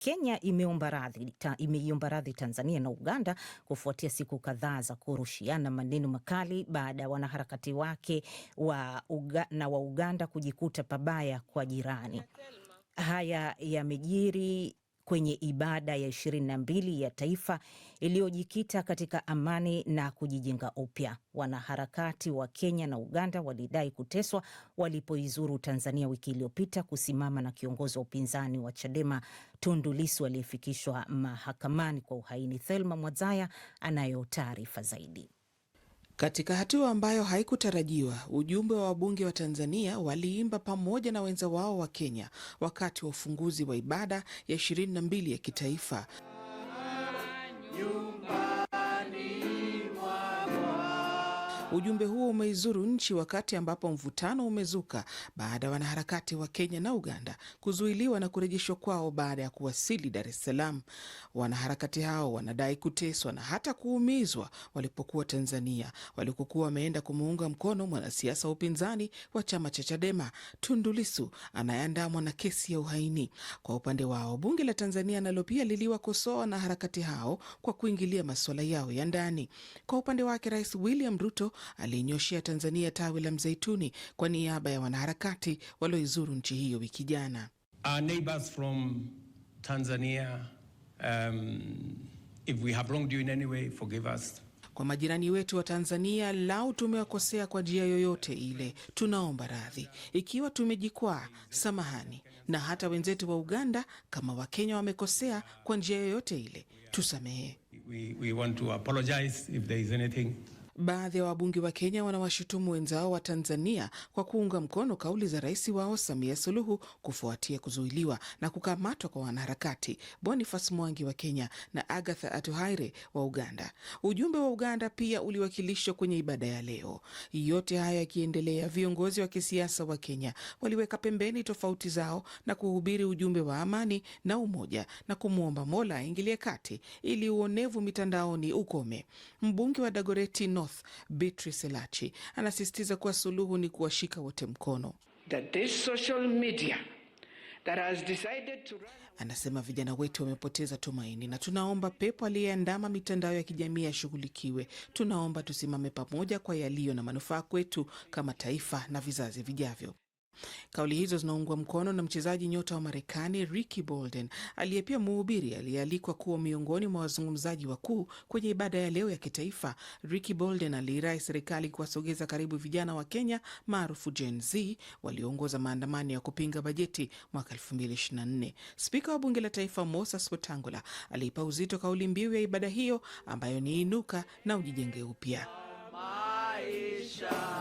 Kenya imeomba radhi ta, imeiomba radhi Tanzania na Uganda kufuatia siku kadhaa za kurushiana maneno makali baada ya wanaharakati wake wa Uga, na wa Uganda kujikuta pabaya kwa jirani. Haya yamejiri kwenye ibada ya 22 ya taifa iliyojikita katika amani na kujijenga upya. Wanaharakati wa Kenya na Uganda walidai kuteswa walipoizuru Tanzania wiki iliyopita kusimama na kiongozi wa upinzani wa Chadema Tundu Lissu aliyefikishwa mahakamani kwa uhaini. Thelma Mwazaya anayo taarifa zaidi. Katika hatua ambayo haikutarajiwa, ujumbe wa wabunge wa Tanzania waliimba pamoja na wenza wao wa Kenya wakati wa ufunguzi wa ibada ya 22 ya kitaifa Nyumba. Ujumbe huo umeizuru nchi wakati ambapo mvutano umezuka baada ya wanaharakati wa Kenya na Uganda kuzuiliwa na kurejeshwa kwao baada ya kuwasili Dar es Salaam. Wanaharakati hao wanadai kuteswa na hata kuumizwa walipokuwa Tanzania, walikokuwa wameenda kumuunga mkono mwanasiasa wa upinzani wa chama cha Chadema Tundu Lissu anayeandamwa na kesi ya uhaini. Kwa upande wao, bunge la Tanzania nalo pia liliwakosoa wanaharakati hao kwa kuingilia masuala yao ya ndani. Kwa upande wake, Rais William Ruto aliinyoshea Tanzania tawi la mzeituni kwa niaba ya wanaharakati walioizuru nchi hiyo wiki jana. Kwa majirani wetu wa Tanzania, lau tumewakosea kwa njia yoyote ile, tunaomba radhi. Ikiwa tumejikwaa, samahani. Na hata wenzetu wa Uganda, kama Wakenya wamekosea kwa njia yoyote ile, tusamehe. We, we want to apologize if there is anything Baadhi ya wabunge wa Kenya wanawashutumu wenzao wa Tanzania kwa kuunga mkono kauli za rais wao Samia Suluhu kufuatia kuzuiliwa na kukamatwa kwa wanaharakati Boniface Mwangi wa Kenya na Agatha Atuhaire wa Uganda. Ujumbe wa Uganda pia uliwakilishwa kwenye ibada ya leo. Yote haya yakiendelea, viongozi wa kisiasa wa Kenya waliweka pembeni tofauti zao na kuhubiri ujumbe wa amani na umoja na kumwomba Mola aingilie kati ili uonevu mitandaoni ukome. Mbunge wa Dagoreti North Health Beatrice Elachi anasisitiza kuwa suluhu ni kuwashika wote mkono. To... Anasema vijana wetu wamepoteza tumaini, na tunaomba pepo aliyeandama mitandao ya kijamii yashughulikiwe. Tunaomba tusimame pamoja kwa yaliyo na manufaa kwetu kama taifa na vizazi vijavyo. Kauli hizo zinaungwa mkono na mchezaji nyota wa Marekani Ricky Bolden aliye pia mhubiri aliyealikwa kuwa miongoni mwa wazungumzaji wakuu kwenye ibada ya leo ya kitaifa. Ricky Bolden aliirai serikali kuwasogeza karibu vijana wa Kenya maarufu Gen walioongoza maandamano ya kupinga bajeti mwaka 224 Spika wa bunge la taifa Moses Wetangula aliipa uzito kauli mbiu ya ibada hiyo ambayo ni inuka na ujijenge upya maisha